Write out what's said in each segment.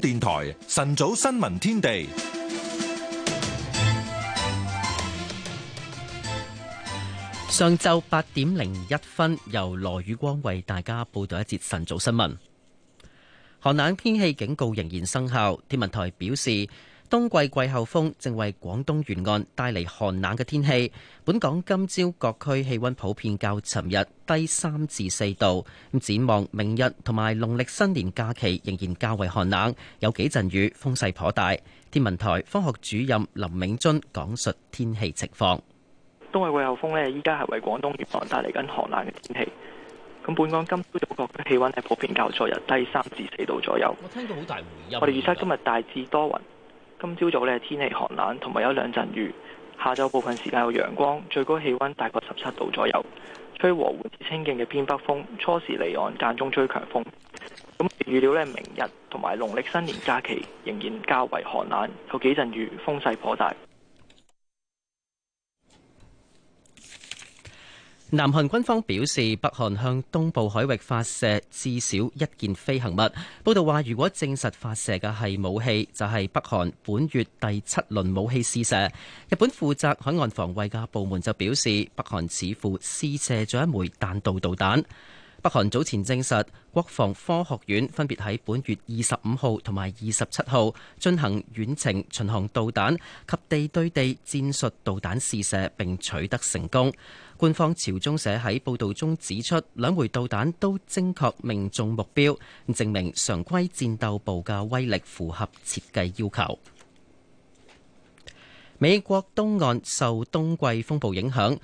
電台晨早新聞天地，上晝八點零一分，由羅宇光為大家報道一節晨早新聞。寒冷天氣警告仍然生效，天文台表示，冬季季候風正為廣東沿岸帶嚟寒冷嘅天氣。本港今朝各區氣溫普遍較尋日低三至四度。咁展望明日同埋農曆新年假期，仍然較為寒冷，有幾陣雨，風勢頗大。天文台科學主任林銘津講述天氣情況。冬季季候風呢，依家係為廣東沿岸帶嚟緊寒冷嘅天氣。咁本港今朝各區氣溫係普遍較昨日低三至四度左右。我聽到好大回音。我哋預測今日大致多雲。今朝早咧天氣寒冷，同埋有兩陣雨。下晝部分時間有陽光，最高氣溫大概十七度左右，吹和緩至清勁嘅偏北風，初時離岸，間中吹強風。咁、嗯、預料咧，明日同埋農曆新年假期仍然較為寒冷，有幾陣雨，風勢頗大。南韓軍方表示，北韓向東部海域發射至少一件飛行物。報道話，如果證實發射嘅係武器，就係北韓本月第七輪武器試射。日本負責海岸防衛嘅部門就表示，北韓似乎試射咗一枚彈道導彈。北韓早前證實，國防科學院分別喺本月二十五號同埋二十七號進行遠程巡航導彈及地對地戰術導彈試射，並取得成功。官方朝中社喺報導中指出，兩枚導彈都精確命中目標，證明常規戰鬥部嘅威力符合設計要求。美國東岸受冬季風暴影響。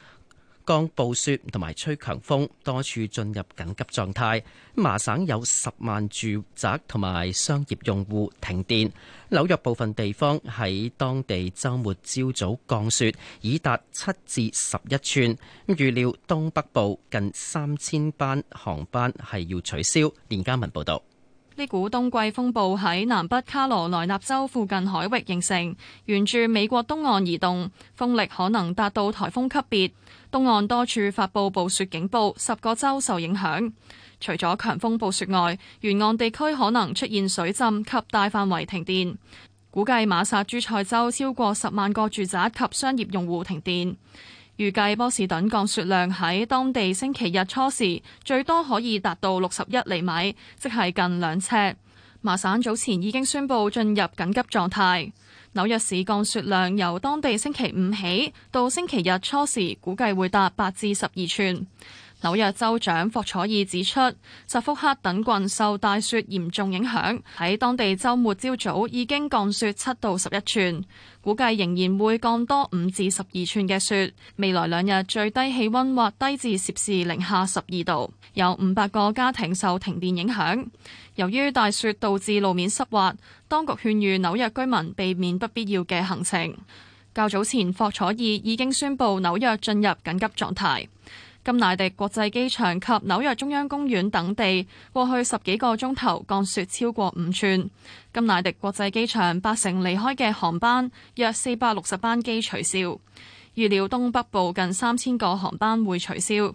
降暴雪同埋吹強風，多處進入緊急狀態，麻省有十萬住宅同埋商業用戶停電。紐約部分地方喺當地周末朝早降雪，已達七至十一寸。預料東北部近三千班航班係要取消。連家文報道。一股冬季風暴喺南北卡羅來納州附近海域形成，沿住美國東岸移動，風力可能達到颱風級別。東岸多處發布暴雪警報，十個州受影響。除咗強風暴雪外，沿岸地區可能出現水浸及大範圍停電。估計馬薩諸塞州超過十萬個住宅及商業用戶停電。預計波士頓降雪量喺當地星期日初時最多可以達到六十一厘米，即係近兩尺。麻省早前已經宣布進入緊急狀態。紐約市降雪量由當地星期五起到星期日初時，估計會達八至十二吋。紐約州長霍楚爾指出，薩福克等郡受大雪嚴重影響，喺當地週末朝早早已經降雪七到十一吋，估計仍然會降多五至十二吋嘅雪。未來兩日最低氣溫或低至攝氏零下十二度，有五百個家庭受停電影響。由於大雪導致路面濕滑，當局勸喻紐約居民避免不必要嘅行程。較早前霍楚爾已經宣布紐約進入緊急狀態。金乃迪國際機場及紐約中央公園等地，過去十幾個鐘頭降雪超過五吋。金乃迪國際機場八成離開嘅航班，約四百六十班機取消。預料東北部近三千個航班會取消。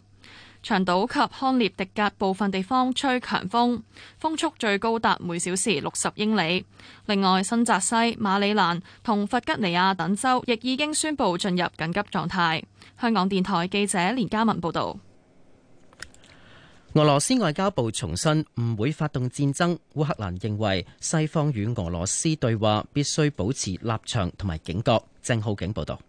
長島及康涅狄格部分地方吹強風，風速最高達每小時六十英里。另外，新澤西、馬里蘭同弗吉尼亞等州亦已經宣布進入緊急狀態。香港電台記者連嘉文報道，俄羅斯外交部重申唔會發動戰爭。烏克蘭認為西方與俄羅斯對話必須保持立場同埋警覺。鄭浩景報道，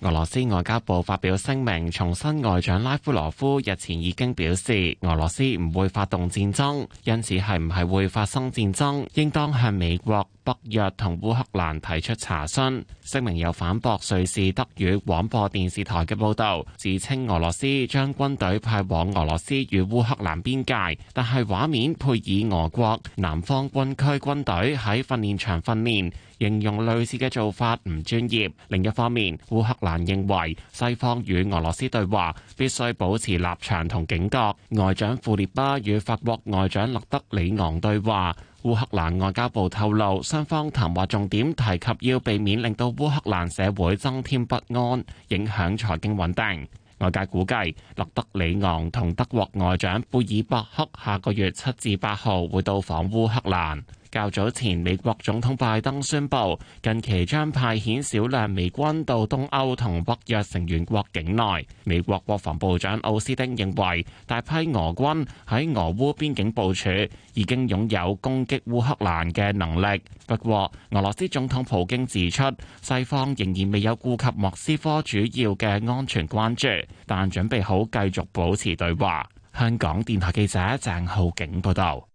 俄羅斯外交部發表聲明，重申外長拉夫羅夫日前已經表示俄羅斯唔會發動戰爭，因此係唔係會發生戰爭，應當向美國、北約同烏克蘭提出查詢。聲明又反駁瑞士德語廣播電視台嘅報道，自稱俄羅斯將軍隊派往俄羅斯與烏克蘭邊界，但係畫面配以俄國南方軍區軍隊喺訓練場訓練，形容類似嘅做法唔專業。另一方面，烏克蘭認為西方與俄羅斯對話必須保持立場同警覺，外長庫列巴與法國外長勒德里昂對話。烏克蘭外交部透露，雙方談話重點提及要避免令到烏克蘭社會增添不安，影響財經穩定。外界估計，勒德里昂同德國外長貝爾伯克下個月七至八號會到訪烏克蘭。較早前，美國總統拜登宣布，近期將派遣少量美軍到東歐同北約成員國境內。美國國防部長奧斯丁認為，大批俄軍喺俄烏邊境部署，已經擁有攻擊烏克蘭嘅能力。不過，俄羅斯總統普京指出，西方仍然未有顧及莫斯科主要嘅安全關注，但準備好繼續保持對話。香港電台記者鄭浩景報道。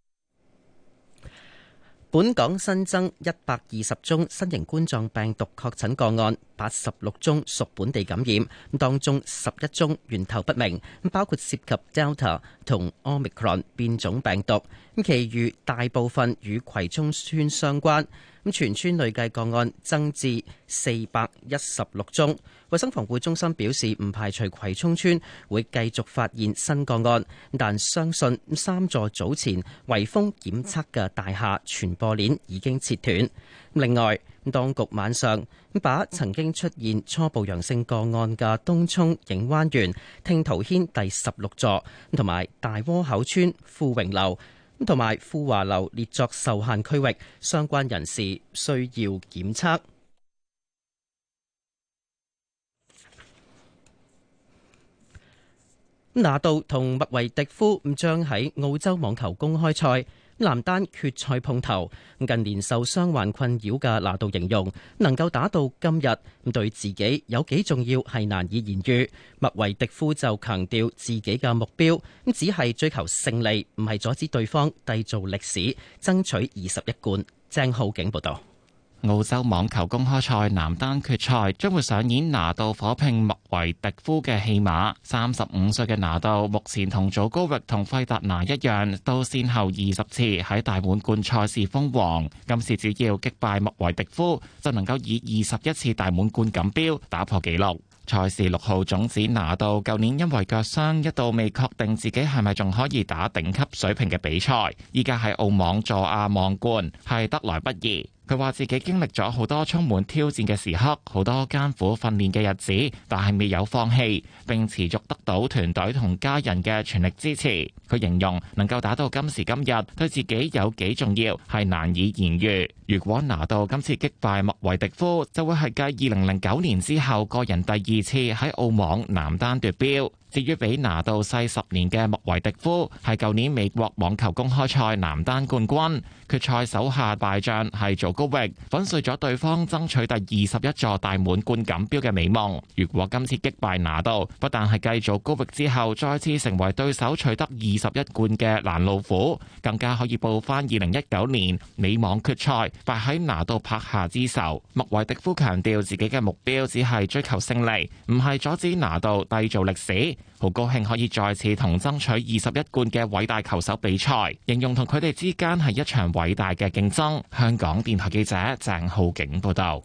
本港新增一百二十宗新型冠狀病毒確診個案，八十六宗屬本地感染，當中十一宗源頭不明，包括涉及 Delta 同 Omicron 變種病毒，其餘大部分與葵涌邨相關。全村累計個案增至四百一十六宗，衛生防護中心表示唔排除葵涌村會繼續發現新個案，但相信三座早前圍封檢測嘅大廈傳播鏈已經切斷。另外，當局晚上把曾經出現初步陽性個案嘅東涌影灣園聽濤軒第十六座，同埋大窩口村富榮樓，同埋富華樓列作受限區域，相關人士需要檢測。咁納杜同麥維迪夫咁將喺澳洲網球公開賽，男單決賽碰頭，近年受傷患困擾嘅拿度形容能夠打到今日，對自己有幾重要係難以言喻。麥維迪夫就強調自己嘅目標，只係追求勝利，唔係阻止對方締造歷史，爭取二十一冠。鄭浩景報道。澳洲網球公開賽男單決賽將會上演，拿度火拼莫維迪夫嘅戲碼。三十五歲嘅拿度，目前同祖高域同費達拿一樣，都先後二十次喺大滿貫賽事封王。今次只要擊敗莫維迪夫，就能夠以二十一次大滿貫錦標打破紀錄。賽事六號種子拿度，舊年因為腳傷一度未確定自己係咪仲可以打頂級水平嘅比賽，依家喺澳網坐亞望冠，係得來不易。佢話自己經歷咗好多充滿挑戰嘅時刻，好多艱苦訓練嘅日子，但係未有放棄，並持續得到團隊同家人嘅全力支持。佢形容能夠打到今時今日，對自己有幾重要係難以言喻。如果拿到今次擊敗麥維迪夫，就會係繼二零零九年之後個人第二次喺澳網男單奪標。至於比拿度細十年嘅莫維迪夫，係舊年美國網球公開賽男單冠軍，決賽手下敗將係祖高域，粉碎咗對方爭取第二十一座大滿貫錦標嘅美夢。如果今次擊敗拿度，不但係繼祖高域之後再次成為對手取得二十一冠嘅攔路虎，更加可以報翻二零一九年美網決賽敗喺拿度拍下之仇。莫維迪夫強調自己嘅目標只係追求勝利，唔係阻止拿度締造歷史。好高興可以再次同爭取二十一冠嘅偉大球手比賽，形容同佢哋之間係一場偉大嘅競爭。香港電台記者鄭浩景報道，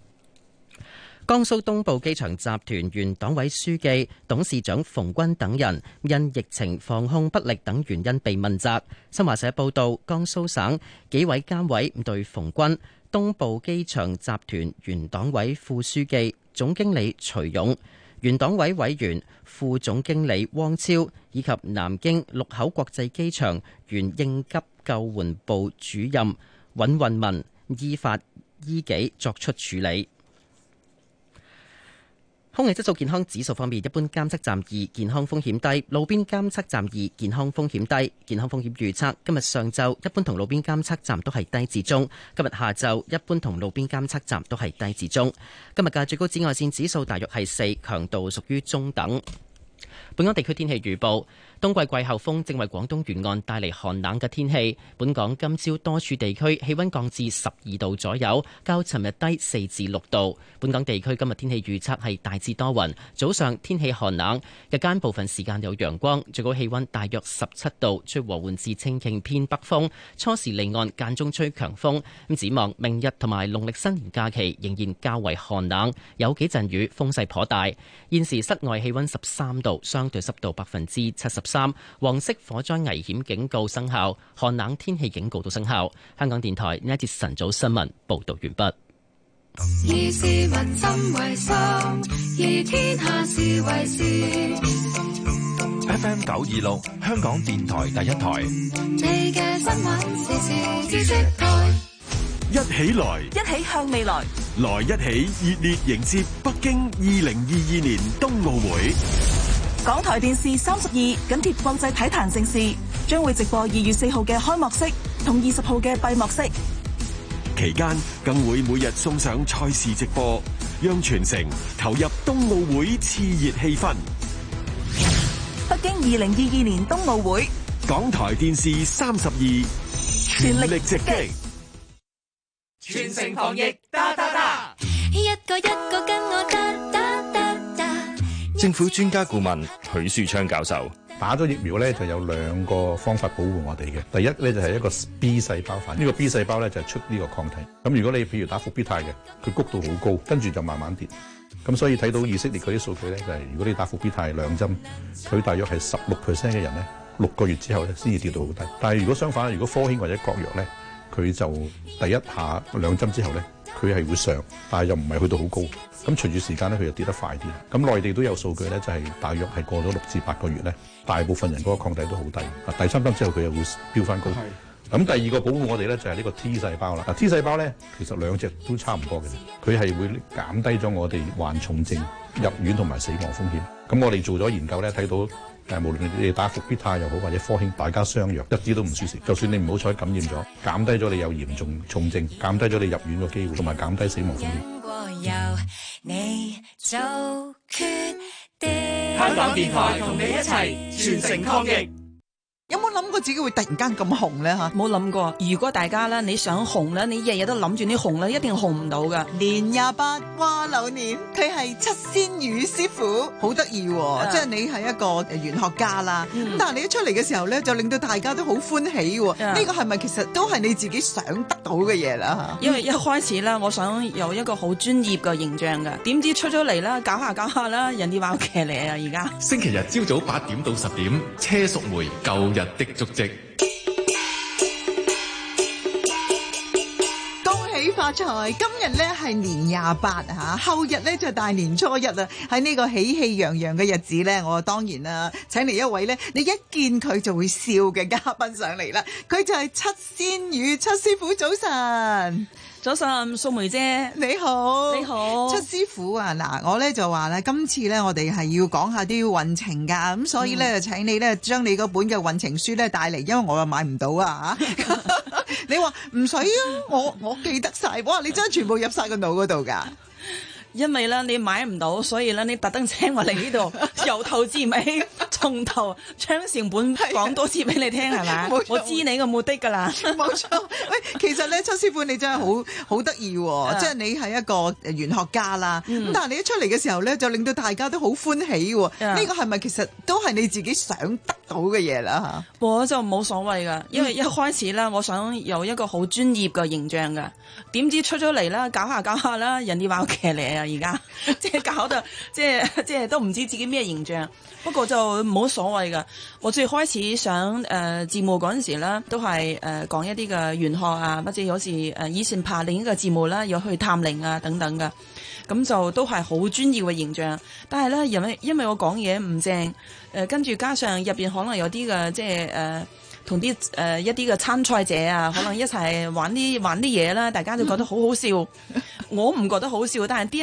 江蘇東部機場集團原黨委書記、董事長馮軍等人因疫情防控不力等原因被問責。新華社報道，江蘇省紀委監委對馮軍、東部機場集團原黨委副書記、總經理徐勇，原黨委委員、副總經理汪超，以及南京祿口國際機場原應急救援部主任尹運文依法依紀作出處理。空氣質素健康指數方面，一般監測站二，健康風險低，路邊監測站二，健康風險低。健康風險預測，今日上晝一般同路邊監測站都係低至中，今日下晝一般同路邊監測站都係低至中。今日嘅最高紫外線指數大約係四，強度屬於中等。本港地區天氣預報，冬季季候風正為廣東沿岸帶嚟寒冷嘅天氣，本港今朝多處地區氣溫降至十二度左右，較尋日低四至六度。本港地區今日天氣預測係大致多雲，早上天氣寒冷，日間部分時間有陽光，最高氣溫大約十七度，吹和緩至清勁偏北風，初時離岸間中吹強風，咁展望明日同埋農曆新年假期，仍然較為寒冷，有幾陣雨，風勢頗大。現時室外氣溫十三度。相對濕度百分之七十三，黃色火災危險警告生效，寒冷天氣警告都生效。香港電台呢一節晨早新聞報道完畢。以市民心為心，以天下事為事。FM 九二六，香港電台第一台。你嘅新聞時時知識台，一起來，一起向未來，來一起熱烈迎接北京二零二二年冬奧會。港台電視三十二緊貼國際體壇盛事，將會直播二月四號嘅開幕式同二十號嘅閉幕式。期間更會每日送上賽事直播，讓全城投入冬奧會熾熱氣氛。北京二零二二年冬奧會，港台電視三十二全力直擊，全城防疫，打打打，一個一個。政府專家顧問許樹昌教授打咗疫苗咧，就有兩個方法保護我哋嘅。第一咧就係一個 B 細胞反應，呢個 B 細胞咧就係出呢個抗體。咁如果你譬如打復必泰嘅，佢谷度好高，跟住就慢慢跌。咁所以睇到以色列嗰啲數據咧，就係如果你打復必泰兩針，佢大約係十六 percent 嘅人咧，六個月之後咧先至跌到好低。但係如果相反，如果科興或者國藥咧，佢就第一下兩針之後咧。佢係會上，但係又唔係去到好高。咁隨住時間咧，佢又跌得快啲。咁內地都有數據咧，就係大約係過咗六至八個月咧，大部分人嗰個抗體都好低。啊，第三針之後佢又會飆翻高。咁是第二個保護我哋咧就係呢個 T 細胞啦。啊，T 細胞咧其實兩隻都差唔多嘅。佢係會減低咗我哋患重症、入院同埋死亡風險。咁我哋做咗研究咧，睇到。但係無論你打伏必泰又好，或者科興，大家相若，一啲都唔輸蝕。就算你唔好彩感染咗，減低咗你有嚴重重症，減低咗你入院嘅機會，同埋減低死亡風險。香港電台同你一齊，全城抗疫。我自己會突然間咁紅咧吓，冇諗過。如果大家咧，你想紅咧，你日日都諗住啲紅咧，一定紅唔到噶。年廿八話流年，佢係七仙羽師傅，好得意，哦。Yeah. 即係你係一個玄學家啦。Yeah. 但係你一出嚟嘅時候咧，就令到大家都好歡喜，哦。呢 Yeah. 個係咪其實都係你自己想得到嘅嘢啦？吓，因為一開始咧，我想有一個好專業嘅形象噶。點知出咗嚟啦，搞下搞下啦，人哋挖劇嚟啊！而家星期日朝早八點到十點，車淑梅舊日的。祝賀！恭喜發財！今日咧係年廿八嚇，後日咧就係大年初一啦。喺呢個喜氣洋洋嘅日子咧，我當然啦請嚟一位咧，你一見佢就會笑嘅嘉賓上嚟啦。佢就係七仙羽七師傅，早晨。早晨，素梅姐你好，你好，七師傅啊，嗱，我咧就話咧，今次咧我哋係要講下啲運程噶，咁所以咧就請你咧將你嗰本嘅運程書咧帶嚟，因為我又買唔到啊吓， 你話唔使啊，我我記得晒，哇，你真係全部入晒個腦嗰度噶。因為咧你買唔到，所以咧你特登請我嚟呢度， 由頭至尾從頭將成本講 多次俾你聽，係咪？冇錯，我知你嘅目的㗎啦。冇 錯，誒其實咧，邱師傅你真係好好得意喎，即係 你係一個玄學家啦。嗯、但係你一出嚟嘅時候咧，就令到大家都好歡喜喎、哦。呢個係咪其實都係你自己想得到嘅嘢啦？嚇， 我就冇所謂㗎，因為一開始啦，我想有一個好專業嘅形象㗎。點知出咗嚟啦，搞下搞下啦，人哋話我騎呢啊！而家即係搞到，即係即係都唔知自己咩形象。不過就冇所謂噶。我最開始上誒節目陣時咧，都係誒講一啲嘅玄學啊，或者有時誒、呃、以前拍另一個節目啦，要去探靈啊等等噶。咁就都係好專業嘅形象。但係咧，因為因為我講嘢唔正，誒、呃、跟住加上入邊可能有啲嘅即係誒同啲誒一啲嘅參賽者啊，可能一齊玩啲玩啲嘢啦，大家都覺得好好笑。 我唔覺得好笑，但係啲。